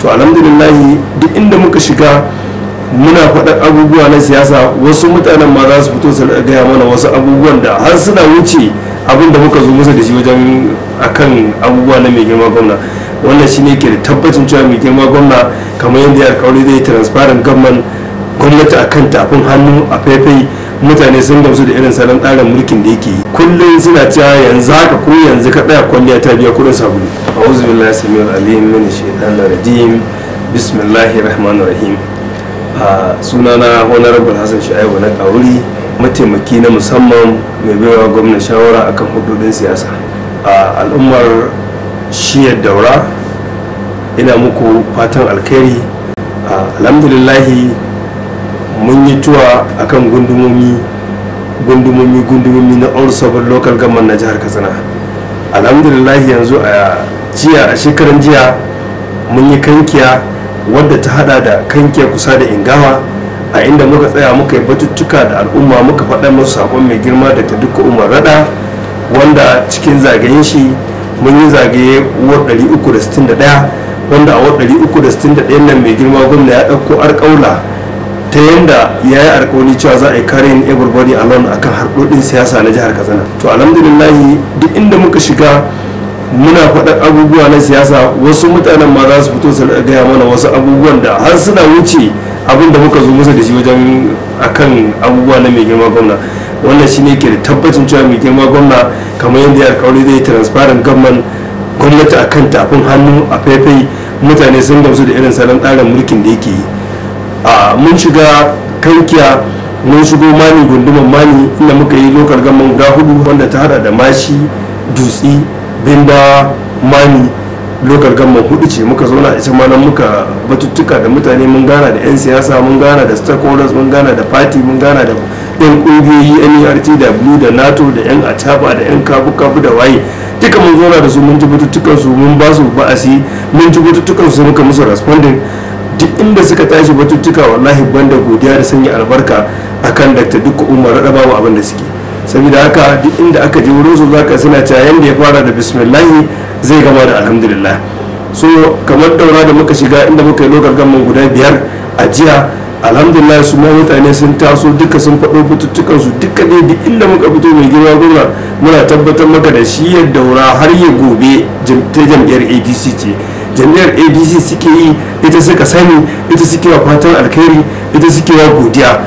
to alhamdulillahi duk inda muka shiga muna faɗar abubuwa na siyasa wasu mutanen ma za su fito su gaya mana wasu abubuwan da har suna wuce abin da muka zo musa da shi wajen akan abubuwa na mai girma gwamna wannan shi ne ke da tabbacin cewa mai girma gwamna kamar yadda ya alkawari zai transparent government gwamnati akan kan tafin hannu a faifai mutane sun gamsu da irin salon tsarin mulkin da yake yi kullum suna cewa yanzu haka ko yanzu ka tsaya kwalliya ta biya kudin sabulu a'udhu billahi samiyul alim min shaitanir rajim bismillahi rahmanir rahim a sunana honorable hassan shu'aibu na kauri mataimaki na musamman mai baiwa gwamna shawara akan hudodin siyasa a al'ummar shiyar daura ina muku fatan alkhairi alhamdulillahi mun yi tuwa akan gundumomi gundumomi gundumomi na all sabon local gamar na jihar katsina alhamdulillah yanzu a jiya a shekaran jiya mun yi kankiya wadda ta hada da kankiya kusa da ingawa a inda muka tsaya muka yi batuttuka da al'umma muka faɗa masu sakon mai girma da ta duka umar rada wanda cikin zagayen shi mun yi zagaye uwar 361 wanda a uwar 361 nan mai girma gwamna ya ɗauko arƙaula ta yadda ya yi alkawari cewa za a yi karin everybody alone kan harkokin siyasa na jihar kasana. to alhamdulillahi duk inda muka shiga muna faɗa abubuwa na siyasa wasu mutanen ma za su fito su gaya mana wasu abubuwan da har suna wuce abin da muka zo musa da shi wajen akan abubuwa na mai girma gwamna wannan shine ke da tabbacin cewa mai girma gwamna kamar yadda ya alkawari zai transparent gwamnan gwamnati akan tafin hannu a faifai mutane sun gamsu da irin salon tsarin mulkin da yake yi mun shiga kankiya mun shigo mani gunduman mani inda muka yi lokar gaman guda hudu wanda ta hada da mashi dutsi binda mani lokar gaman hudu ce muka zauna ita ma nan muka batuttuka da mutane mun gana da 'yan siyasa mun gana da stakeholders mun gana da party mun gana da 'yan kungiyoyi nertw da nato da 'yan acaba da 'yan kabu-kabu da waye duka mun zauna da su mun ji batuttukan su mun ba su ba'asi mun ji batuttukan su muka musu responding duk inda suka tashi batuttuka wallahi banda godiya da sanya albarka akan dakta duka umar babu abin da suke saboda haka duk inda aka je wurin su zaka suna cewa yanda ya fara da bismillah zai gama da alhamdulillah so kamar daura da muka shiga inda muka yi lokar gamman guda biyar a jiya alhamdulillah su ma mutane sun taso duka sun faɗo bututtukan su duka ne duk inda muka fito mai girma gona muna tabbatar maka da shi ya daura har ya gobe ta jam'iyyar adc ce jami'ar apc suke yi ita suka sani ita suke wa fatan alkhairi ita suke wa godiya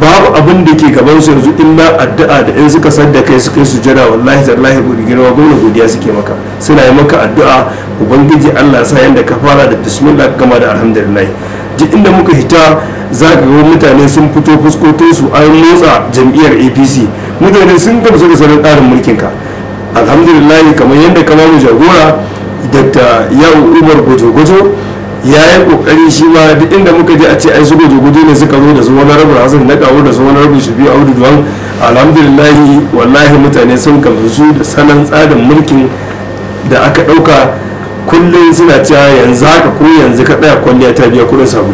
babu abin da ke gaban su yanzu ba addu'a da in suka da kai suka kai sujada wallahi tallahi gudi girma gwamna godiya suke maka suna yi maka addu'a ubangiji allah sa yanda ka fara da bismillah gama da alhamdulillah ji inda muka hita za ka ga mutane sun fito su an motsa jam'iyyar apc mutane sun gamsu da sanin tsarin ka alhamdulillah kamar yadda ka mu jagora dakta yau umar gwajo-gwajo ya yi kokari shi ma duk inda muka je a ce ai su gwajo-gwajo ne suka zo da su wani rabin hasan na kawo da su wani rabin shi biyu audu duwan alhamdulillahi wallahi mutane sun kamsu da sanan tsarin mulkin da aka ɗauka kullum suna cewa yanzu haka ko yanzu ka daya kwalliya ta biya kuɗin sabu